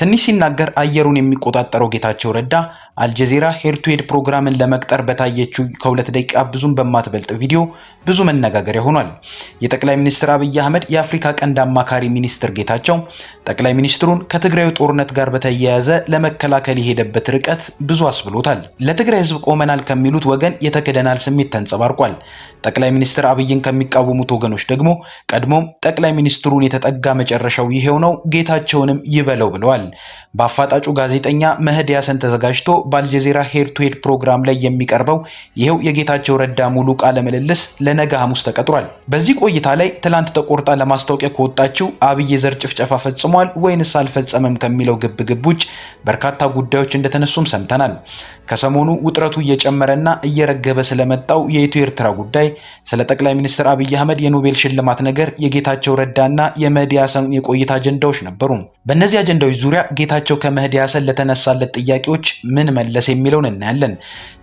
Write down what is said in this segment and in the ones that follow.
ትንሽ ሲናገር አየሩን የሚቆጣጠረው ጌታቸው ረዳ አልጀዚራ ሄድ ፕሮግራምን ለመቅጠር በታየችው ከሁለት ደቂቃ ብዙም በማትበልጥ ቪዲዮ ብዙ መነጋገሪያ ሆኗል። የጠቅላይ ሚኒስትር አብይ አህመድ የአፍሪካ ቀንድ አማካሪ ሚኒስትር ጌታቸው ጠቅላይ ሚኒስትሩን ከትግራዩ ጦርነት ጋር በተያያዘ ለመከላከል የሄደበት ርቀት ብዙ አስብሎታል። ለትግራይ ህዝብ ቆመናል ከሚሉት ወገን የተክደናል ስሜት ተንጸባርቋል። ጠቅላይ ሚኒስትር አብይን ከሚቃወሙት ወገኖች ደግሞ ቀድሞም ጠቅላይ ሚኒስትሩን የተጠጋ መጨረሻው ይሄው ነው ጌታቸውንም ይበለው ብለዋል። በአፋጣጩ ጋዜጠኛ መህዲያ ሰን ተዘጋጅቶ በአልጀዚራ ሄድ ቱ ሄድ ፕሮግራም ላይ የሚቀርበው ይኸው የጌታቸው ረዳ ሙሉ ቃለ ምልልስ ለነገ ሐሙስ ተቀጥሯል። በዚህ ቆይታ ላይ ትላንት ተቆርጣ ለማስታወቂያ ከወጣችው አብይ የዘር ጭፍጨፋ ፈጽሟል ወይንስ አልፈጸመም ከሚለው ግብግብ ውጭ በርካታ ጉዳዮች እንደተነሱም ሰምተናል። ከሰሞኑ ውጥረቱ እየጨመረና እየረገበ ስለመጣው የኢትዮ ኤርትራ ጉዳይ ስለ ጠቅላይ ሚኒስትር አብይ አህመድ የኖቤል ሽልማት ነገር የጌታቸው ረዳና ሰን የቆይታ አጀንዳዎች ነበሩ። በእነዚህ አጀንዳዎች ዙሪያ ጌታቸው ሰን ለተነሳለት ጥያቄዎች ምን መለስ የሚለውን እናያለን።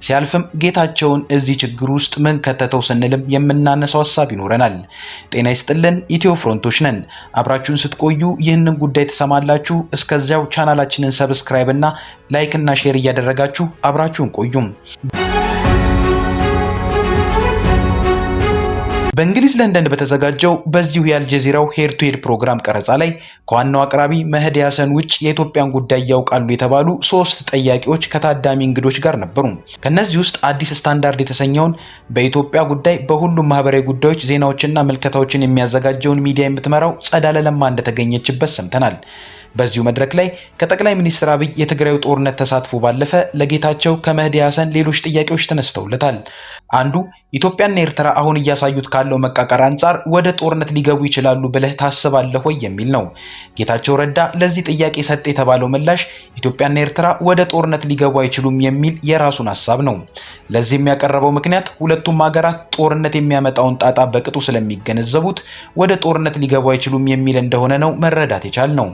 ሲያልፍም ጌታቸውን እዚህ ችግር ውስጥ ምን ከተተው ስንልም የምናነሳው ሀሳብ ይኖረናል። ጤና ይስጥልን፣ ኢትዮ ፍሮንቶች ነን። አብራችሁን ስትቆዩ ይህንን ጉዳይ ትሰማላችሁ። እስከዚያው ቻናላችንን ሰብስክራይብ እና ላይክ እና ሼር እያደረጋችሁ አብራችሁን ቆዩም። በእንግሊዝ ለንደን በተዘጋጀው በዚሁ የአልጀዚራው ሄድ ቱ ሄድ ፕሮግራም ቀረጻ ላይ ከዋናው አቅራቢ መህድ ያሰን ውጭ የኢትዮጵያን ጉዳይ ያውቃሉ የተባሉ ሶስት ጠያቂዎች ከታዳሚ እንግዶች ጋር ነበሩ። ከእነዚህ ውስጥ አዲስ ስታንዳርድ የተሰኘውን በኢትዮጵያ ጉዳይ በሁሉም ማህበራዊ ጉዳዮች ዜናዎችና ምልከታዎችን የሚያዘጋጀውን ሚዲያ የምትመራው ጸዳለ ለማ እንደተገኘችበት ሰምተናል። በዚሁ መድረክ ላይ ከጠቅላይ ሚኒስትር አብይ የትግራዩ ጦርነት ተሳትፎ ባለፈ ለጌታቸው ከመህዲ ሀሰን ሌሎች ጥያቄዎች ተነስተውለታል። አንዱ ኢትዮጵያና ኤርትራ አሁን እያሳዩት ካለው መቃቀር አንጻር ወደ ጦርነት ሊገቡ ይችላሉ ብለህ ታስባለህ ወይ የሚል ነው። ጌታቸው ረዳ ለዚህ ጥያቄ ሰጥ የተባለው ምላሽ ኢትዮጵያና ኤርትራ ወደ ጦርነት ሊገቡ አይችሉም የሚል የራሱን ሀሳብ ነው። ለዚህ የሚያቀረበው ምክንያት ሁለቱም ሀገራት ጦርነት የሚያመጣውን ጣጣ በቅጡ ስለሚገነዘቡት ወደ ጦርነት ሊገቡ አይችሉም የሚል እንደሆነ ነው መረዳት የቻል ነው።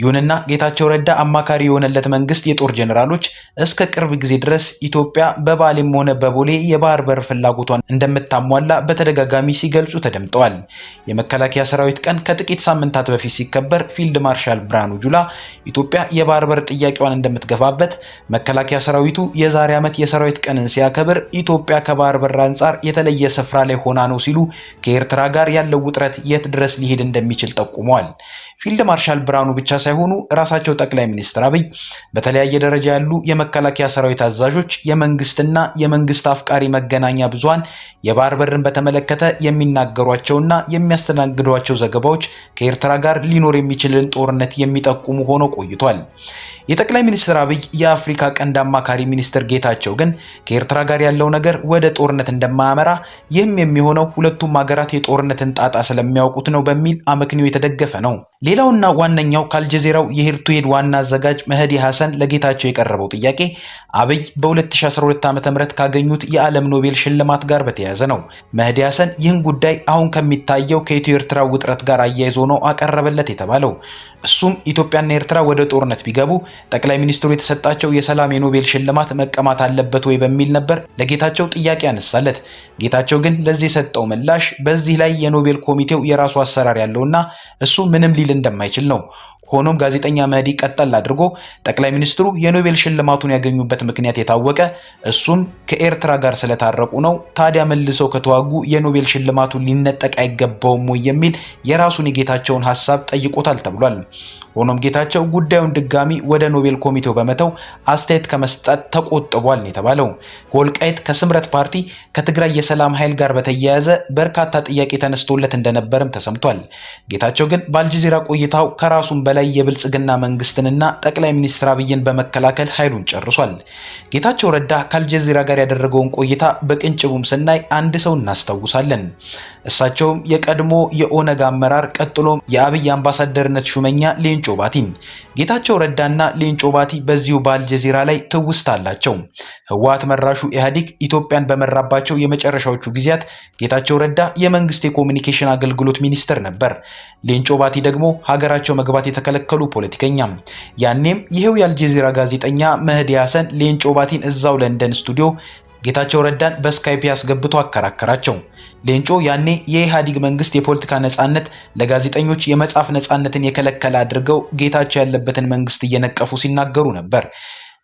ይሁንና ጌታቸው ረዳ አማካሪ የሆነለት መንግስት የጦር ጀኔራሎች እስከ ቅርብ ጊዜ ድረስ ኢትዮጵያ በባሌም ሆነ በቦሌ የባህር በር ፍላጎቷን እንደምታሟላ በተደጋጋሚ ሲገልጹ ተደምጠዋል። የመከላከያ ሰራዊት ቀን ከጥቂት ሳምንታት በፊት ሲከበር ፊልድ ማርሻል ብርሃኑ ጁላ ኢትዮጵያ የባህር በር ጥያቄዋን እንደምትገፋበት፣ መከላከያ ሰራዊቱ የዛሬ ዓመት የሰራዊት ቀንን ሲያከብር ኢትዮጵያ ከባህር በር አንጻር የተለየ ስፍራ ላይ ሆና ነው ሲሉ ከኤርትራ ጋር ያለው ውጥረት የት ድረስ ሊሄድ እንደሚችል ጠቁመዋል። ፊልድ ማርሻል ብርሃኑ ብቻ ሳይሆኑ ራሳቸው ጠቅላይ ሚኒስትር አብይ በተለያየ ደረጃ ያሉ የመከላከያ ሰራዊት አዛዦች፣ የመንግስትና የመንግስት አፍቃሪ መገናኛ ብዙሃን የባህር በርን በተመለከተ የሚናገሯቸውና የሚያስተናግዷቸው ዘገባዎች ከኤርትራ ጋር ሊኖር የሚችልን ጦርነት የሚጠቁሙ ሆኖ ቆይቷል። የጠቅላይ ሚኒስትር አብይ የአፍሪካ ቀንድ አማካሪ ሚኒስትር ጌታቸው ግን ከኤርትራ ጋር ያለው ነገር ወደ ጦርነት እንደማያመራ ይህም የሚሆነው ሁለቱም ሀገራት የጦርነትን ጣጣ ስለሚያውቁት ነው በሚል አመክንዮ የተደገፈ ነው። ሌላውና ዋነኛው ከአልጀዜራው የሄርቱ ሄድ ዋና አዘጋጅ መህዲ ሐሰን ለጌታቸው የቀረበው ጥያቄ አብይ በ2012 ዓ ም ካገኙት የዓለም ኖቤል ሽልማት ጋር በተያያዘ ነው። መህዲ ሐሰን ይህን ጉዳይ አሁን ከሚታየው ከኢትዮ ኤርትራ ውጥረት ጋር አያይዞ ነው አቀረበለት የተባለው። እሱም ኢትዮጵያና ኤርትራ ወደ ጦርነት ቢገቡ ጠቅላይ ሚኒስትሩ የተሰጣቸው የሰላም የኖቤል ሽልማት መቀማት አለበት ወይ በሚል ነበር ለጌታቸው ጥያቄ ያነሳለት። ጌታቸው ግን ለዚህ የሰጠው ምላሽ በዚህ ላይ የኖቤል ኮሚቴው የራሱ አሰራር ያለውና እሱ ምንም ሊል እንደማይችል ነው። ሆኖም ጋዜጠኛ መህዲ ቀጠል አድርጎ ጠቅላይ ሚኒስትሩ የኖቤል ሽልማቱን ያገኙበት ምክንያት የታወቀ እሱም ከኤርትራ ጋር ስለታረቁ ነው። ታዲያ መልሰው ከተዋጉ የኖቤል ሽልማቱን ሊነጠቅ አይገባውም ወይ የሚል የራሱን የጌታቸውን ሀሳብ ጠይቆታል ተብሏል። ሆኖም ጌታቸው ጉዳዩን ድጋሚ ወደ ኖቤል ኮሚቴው በመተው አስተያየት ከመስጠት ተቆጥቧል የተባለው ከወልቃይት ከስምረት ፓርቲ ከትግራይ የሰላም ኃይል ጋር በተያያዘ በርካታ ጥያቄ ተነስቶለት እንደነበርም ተሰምቷል። ጌታቸው ግን በአልጀዚራ ቆይታው ከራሱን በላይ የብልጽግና መንግስትንና ጠቅላይ ሚኒስትር አብይን በመከላከል ኃይሉን ጨርሷል። ጌታቸው ረዳ ከአልጀዚራ ጋር ያደረገውን ቆይታ በቅንጭቡም ስናይ አንድ ሰው እናስታውሳለን። እሳቸውም የቀድሞ የኦነግ አመራር ቀጥሎም የአብይ አምባሳደርነት ሹመኛ ሌንጮ ባቲን። ጌታቸው ረዳና ሌንጮ ባቲ በዚሁ በአልጀዚራ ላይ ትውስት አላቸው። ህወሓት መራሹ ኢህአዴግ ኢትዮጵያን በመራባቸው የመጨረሻዎቹ ጊዜያት ጌታቸው ረዳ የመንግስት የኮሚኒኬሽን አገልግሎት ሚኒስትር ነበር። ሌንጮ ባቲ ደግሞ ሀገራቸው መግባት ተከለከሉ ፖለቲከኛ። ያኔም ይሄው የአልጀዚራ ጋዜጠኛ መህዲ ሀሰን ሌንጮ ባቲን እዛው ለንደን ስቱዲዮ ጌታቸው ረዳን በስካይፕ ያስገብቶ አከራከራቸው። ሌንጮ ያኔ የኢህአዴግ መንግስት የፖለቲካ ነጻነት ለጋዜጠኞች የመጻፍ ነጻነትን የከለከለ አድርገው ጌታቸው ያለበትን መንግስት እየነቀፉ ሲናገሩ ነበር።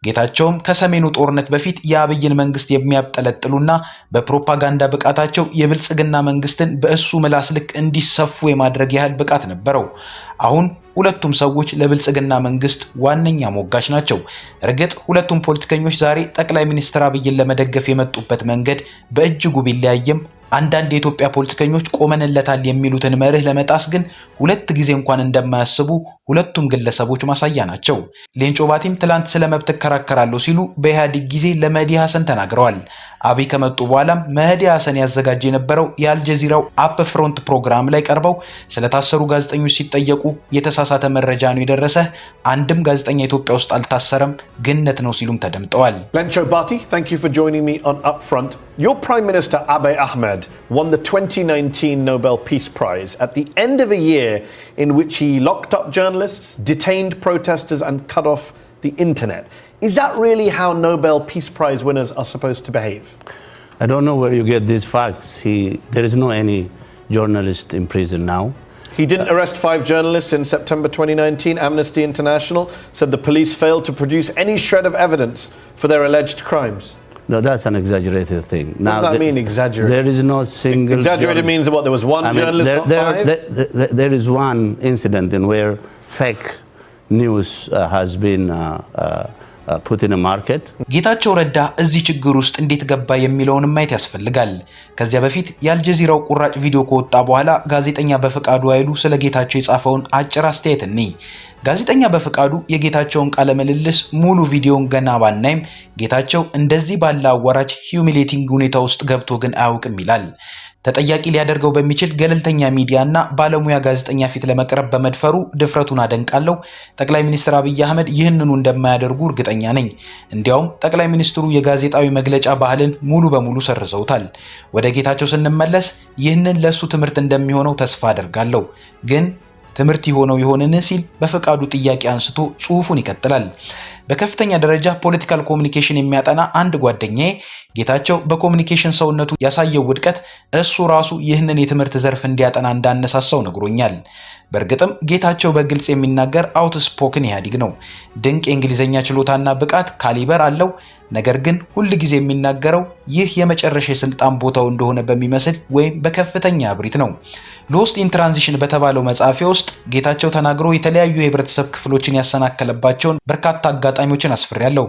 ጌታቸውም ከሰሜኑ ጦርነት በፊት የአብይን መንግስት የሚያብጠለጥሉና በፕሮፓጋንዳ ብቃታቸው የብልጽግና መንግስትን በእሱ ምላስ ልክ እንዲሰፉ የማድረግ ያህል ብቃት ነበረው። አሁን ሁለቱም ሰዎች ለብልጽግና መንግስት ዋነኛ ሞጋች ናቸው። እርግጥ ሁለቱም ፖለቲከኞች ዛሬ ጠቅላይ ሚኒስትር አብይን ለመደገፍ የመጡበት መንገድ በእጅጉ ቢለያየም አንዳንድ የኢትዮጵያ ፖለቲከኞች ቆመንለታል የሚሉትን መርህ ለመጣስ ግን ሁለት ጊዜ እንኳን እንደማያስቡ ሁለቱም ግለሰቦች ማሳያ ናቸው። ሌንጮ ባቲም ትላንት ስለ መብት እከራከራለሁ ሲሉ በኢህአዴግ ጊዜ ለመህዲ ሐሰን ተናግረዋል። አብይ ከመጡ በኋላም መህዲ ሐሰን ያዘጋጀ የነበረው የአልጀዚራው አፕ ፍሮንት ፕሮግራም ላይ ቀርበው ስለታሰሩ ጋዜጠኞች ሲጠየቁ የተሳሳተ መረጃ ነው የደረሰ፣ አንድም ጋዜጠኛ ኢትዮጵያ ውስጥ አልታሰረም፣ ግነት ነው ሲሉም ተደምጠዋል። ሌንጮ ባቲ won the 2019 Nobel Peace Prize at the end of a year in which he locked up journalists, detained protesters, and cut off the internet. Is that really how Nobel Peace Prize winners are supposed to behave? I don't know where you get these facts. He, there is no any journalist in prison now. He didn't arrest five journalists in September 2019. Amnesty International said the police failed to produce any shred of evidence for their alleged crimes. No, that's an exaggerated thing. Now, what does that mean, exaggerated? There is no single. Exaggerated journalist. means what? There was one I mean, journalist, there, there, are, there, there is one incident in where fake news uh, has been uh, uh ፑቲን ማርኬት ጌታቸው ረዳ እዚህ ችግር ውስጥ እንዴት ገባ የሚለውንም ማየት ያስፈልጋል። ከዚያ በፊት የአልጀዚራው ቁራጭ ቪዲዮ ከወጣ በኋላ ጋዜጠኛ በፈቃዱ ኃይሉ ስለ ጌታቸው የጻፈውን አጭር አስተያየት እኒ ጋዜጠኛ በፈቃዱ የጌታቸውን ቃለ ምልልስ ሙሉ ቪዲዮን ገና ባናይም ጌታቸው እንደዚህ ባለ አዋራጅ ሂዩሚሌቲንግ ሁኔታ ውስጥ ገብቶ ግን አያውቅም ይላል። ተጠያቂ ሊያደርገው በሚችል ገለልተኛ ሚዲያ እና ባለሙያ ጋዜጠኛ ፊት ለመቅረብ በመድፈሩ ድፍረቱን አደንቃለሁ። ጠቅላይ ሚኒስትር አብይ አህመድ ይህንኑ እንደማያደርጉ እርግጠኛ ነኝ። እንዲያውም ጠቅላይ ሚኒስትሩ የጋዜጣዊ መግለጫ ባህልን ሙሉ በሙሉ ሰርዘውታል። ወደ ጌታቸው ስንመለስ ይህንን ለእሱ ትምህርት እንደሚሆነው ተስፋ አደርጋለሁ ግን ትምህርት የሆነው የሆንን ሲል በፈቃዱ ጥያቄ አንስቶ ጽሑፉን ይቀጥላል። በከፍተኛ ደረጃ ፖለቲካል ኮሚኒኬሽን የሚያጠና አንድ ጓደኛዬ ጌታቸው በኮሚኒኬሽን ሰውነቱ ያሳየው ውድቀት እሱ ራሱ ይህንን የትምህርት ዘርፍ እንዲያጠና እንዳነሳሳው ነግሮኛል። በእርግጥም ጌታቸው በግልጽ የሚናገር አውትስፖክን ኢህአዴግ ነው። ድንቅ የእንግሊዝኛ ችሎታና ብቃት ካሊበር አለው። ነገር ግን ሁል ጊዜ የሚናገረው ይህ የመጨረሻ የስልጣን ቦታው እንደሆነ በሚመስል ወይም በከፍተኛ እብሪት ነው። ሎስት ኢን ትራንዚሽን በተባለው መጽሐፊ ውስጥ ጌታቸው ተናግሮ የተለያዩ የህብረተሰብ ክፍሎችን ያሰናከለባቸውን በርካታ አጋጣሚዎችን አስፍሬያለሁ።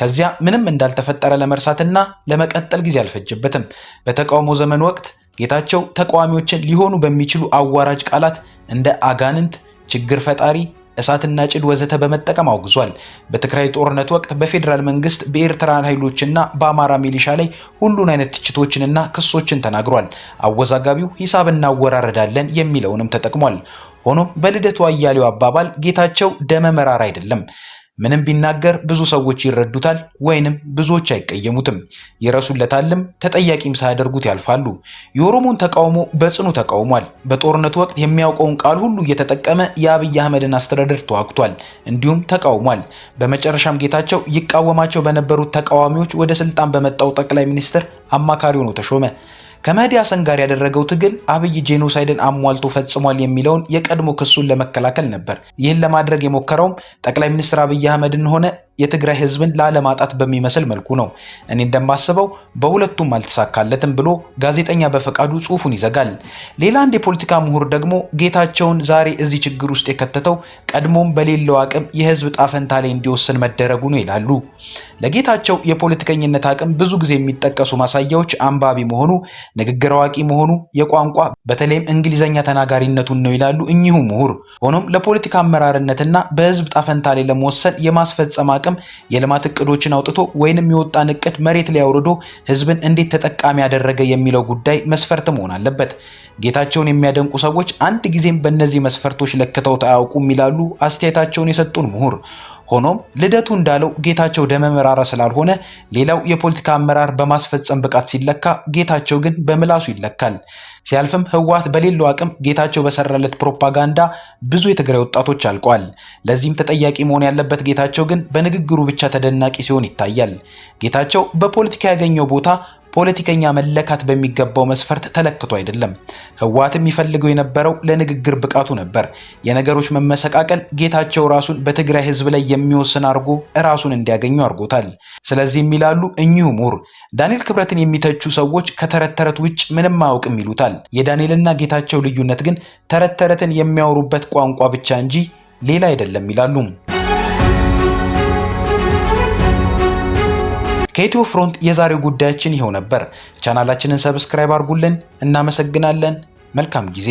ከዚያ ምንም እንዳልተፈጠረ ለመርሳትና ለመቀጠል ጊዜ አልፈጀበትም። በተቃውሞ ዘመን ወቅት ጌታቸው ተቃዋሚዎችን ሊሆኑ በሚችሉ አዋራጅ ቃላት እንደ አጋንንት፣ ችግር ፈጣሪ፣ እሳትና ጭድ ወዘተ በመጠቀም አውግዟል። በትግራይ ጦርነት ወቅት በፌዴራል መንግስት በኤርትራ ኃይሎችና በአማራ ሚሊሻ ላይ ሁሉን አይነት ትችቶችንና ክሶችን ተናግሯል። አወዛጋቢው ሂሳብ እናወራረዳለን የሚለውንም ተጠቅሟል። ሆኖም በልደቱ አያሌው አባባል ጌታቸው ደመ መራር አይደለም። ምንም ቢናገር ብዙ ሰዎች ይረዱታል ወይንም ብዙዎች አይቀየሙትም፣ ይረሱለታልም፣ ተጠያቂም ሳያደርጉት ያልፋሉ። የኦሮሞን ተቃውሞ በጽኑ ተቃውሟል። በጦርነቱ ወቅት የሚያውቀውን ቃል ሁሉ እየተጠቀመ የአብይ አህመድን አስተዳደር ተዋግቷል፣ እንዲሁም ተቃውሟል። በመጨረሻም ጌታቸው ይቃወማቸው በነበሩት ተቃዋሚዎች ወደ ስልጣን በመጣው ጠቅላይ ሚኒስትር አማካሪ ሆኖ ተሾመ። ከመህዲ ሀሰን ጋር ያደረገው ትግል አብይ ጄኖሳይድን አሟልቶ ፈጽሟል የሚለውን የቀድሞ ክሱን ለመከላከል ነበር። ይህን ለማድረግ የሞከረውም ጠቅላይ ሚኒስትር አብይ አህመድን ሆነ የትግራይ ህዝብን ላለማጣት በሚመስል መልኩ ነው። እኔ እንደማስበው በሁለቱም አልተሳካለትም ብሎ ጋዜጠኛ በፈቃዱ ጽሑፉን ይዘጋል። ሌላ አንድ የፖለቲካ ምሁር ደግሞ ጌታቸውን ዛሬ እዚህ ችግር ውስጥ የከተተው ቀድሞም በሌለው አቅም የህዝብ ጣፈንታ ላይ እንዲወስን መደረጉ ነው ይላሉ። ለጌታቸው የፖለቲከኝነት አቅም ብዙ ጊዜ የሚጠቀሱ ማሳያዎች አንባቢ መሆኑ፣ ንግግር አዋቂ መሆኑ፣ የቋንቋ በተለይም እንግሊዘኛ ተናጋሪነቱን ነው ይላሉ እኚሁ ምሁር። ሆኖም ለፖለቲካ አመራርነትና በህዝብ ጣፈንታ ላይ ለመወሰን የማስፈጸም እንዲጠራቀም የልማት እቅዶችን አውጥቶ ወይንም የወጣን እቅድ መሬት ላይ አውርዶ ህዝብን እንዴት ተጠቃሚ ያደረገ የሚለው ጉዳይ መስፈርት መሆን አለበት። ጌታቸውን የሚያደንቁ ሰዎች አንድ ጊዜም በእነዚህ መስፈርቶች ለክተውት አያውቁም ይላሉ አስተያየታቸውን የሰጡን ምሁር። ሆኖም ልደቱ እንዳለው ጌታቸው ደመመራራ ስላልሆነ ሌላው የፖለቲካ አመራር በማስፈጸም ብቃት ሲለካ ጌታቸው ግን በምላሱ ይለካል። ሲያልፍም ህወሓት በሌለው አቅም ጌታቸው በሰራለት ፕሮፓጋንዳ ብዙ የትግራይ ወጣቶች አልቋል። ለዚህም ተጠያቂ መሆን ያለበት ጌታቸው ግን በንግግሩ ብቻ ተደናቂ ሲሆን ይታያል። ጌታቸው በፖለቲካ ያገኘው ቦታ ፖለቲከኛ መለካት በሚገባው መስፈርት ተለክቶ አይደለም። ህወሓት የሚፈልገው የነበረው ለንግግር ብቃቱ ነበር። የነገሮች መመሰቃቀል ጌታቸው ራሱን በትግራይ ህዝብ ላይ የሚወስን አድርጎ ራሱን እንዲያገኙ አድርጎታል። ስለዚህ የሚላሉ እኚሁ ምሁር ዳንኤል ክብረትን የሚተቹ ሰዎች ከተረት ተረት ውጭ ምንም አያውቅም ይሉታል። የዳንኤልና ጌታቸው ልዩነት ግን ተረት ተረትን የሚያወሩበት ቋንቋ ብቻ እንጂ ሌላ አይደለም ይላሉ። ከኢትዮ ፍሮንት የዛሬው ጉዳያችን ይኸው ነበር። ቻናላችንን ሰብስክራይብ አድርጉልን። እናመሰግናለን። መልካም ጊዜ